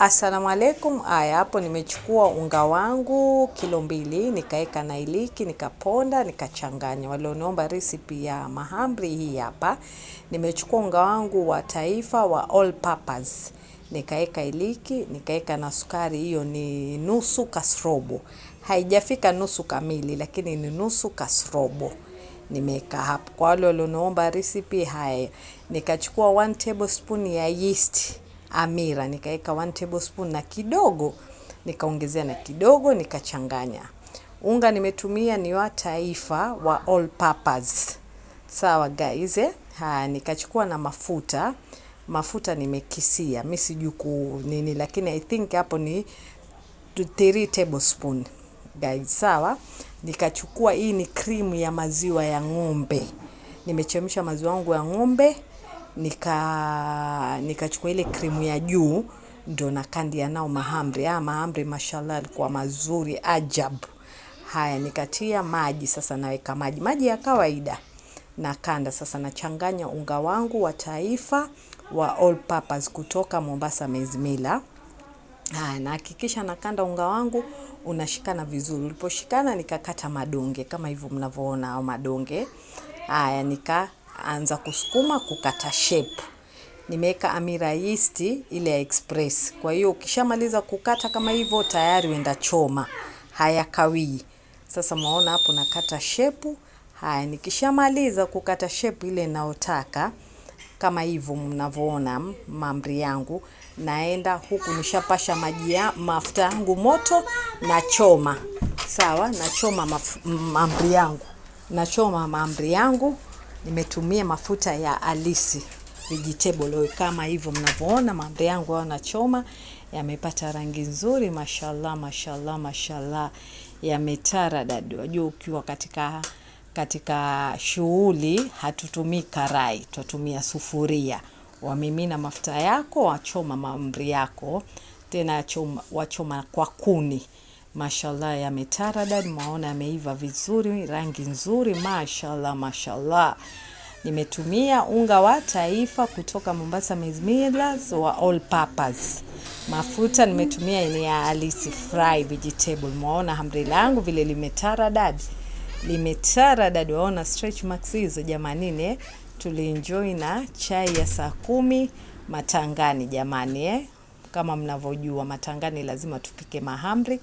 Asalamu alaikum. Aya, hapo nimechukua unga wangu kilo mbili, nikaweka na iliki, nikaponda, nikachanganya. Walioniomba recipe ya mahamri hii hapa. Nimechukua unga wangu wa taifa wa all purpose, nikaweka iliki, nikaweka na sukari, hiyo ni nusu kasrobo, haijafika nusu kamili, lakini ni nusu kasrobo nimeweka hapo. Kwa wale walioniomba recipe, haya, nikachukua 1 tablespoon ya yeast amira, nikaweka 1 tablespoon na kidogo, nikaongezea na kidogo, nikachanganya. Unga nimetumia ni wa Taifa wa all purpose. Sawa guys, eh? Ha, nikachukua na mafuta. Mafuta nimekisia. Mimi sijui ku nini lakini I think hapo ni 3 tablespoon. Guys, sawa? Nikachukua hii ni cream ya maziwa ya ng'ombe. Nimechemsha maziwa yangu ya ng'ombe nika nikachukua ile krimu ya juu ndo nakandia nao mahamri. Ah, mahamri mashallah alikuwa mazuri ajab Haya, nikatia maji sasa, naweka maji maji ya kawaida nakanda sasa, nachanganya unga wangu wa taifa wa all papas kutoka Mombasa Maize Miller. Haya, nahakikisha nakanda unga wangu unashikana vizuri. Uliposhikana nikakata madonge kama hivyo mnavyoona, au madonge haya nika anza kusukuma kukata shape. Nimeweka amira yeast ile ya express. Kwa hiyo ukishamaliza kukata kama hivyo, tayari wenda choma, hayakawii. Sasa mwaona hapo nakata shape. Haya, nikishamaliza kukata shape ile naotaka kama hivyo mnavyoona mamri yangu, naenda huku, nishapasha maji ya mafuta yangu moto, nachoma. Sawa, nachoma mamri yangu, nachoma mamri yangu nimetumia mafuta ya alisi vegetable oil kama hivyo mnavyoona, mahamri yangu hao nachoma, yamepata rangi nzuri, mashallah mashallah mashallah, yametara dadu. Wajua, ukiwa katika katika shughuli hatutumii karai, twatumia sufuria. Wamimina mafuta yako, wachoma mamri yako tena wachoma, wachoma kwa kuni mashallah, yametaradad, mwaona yameiva vizuri, rangi nzuri, mashallah mashallah. Nimetumia unga wa taifa kutoka Mombasa Maize wa all papas Mafuta nimetumia ni ya Alisi Fry vegetable. Mwaona hamri langu vile limetaradad, limetaradad, waona stretch marks hizo jamanine. Tulienjoy na chai ya saa kumi matangani jamani, eh? Kama mnavyojua matangani lazima tupike mahamri.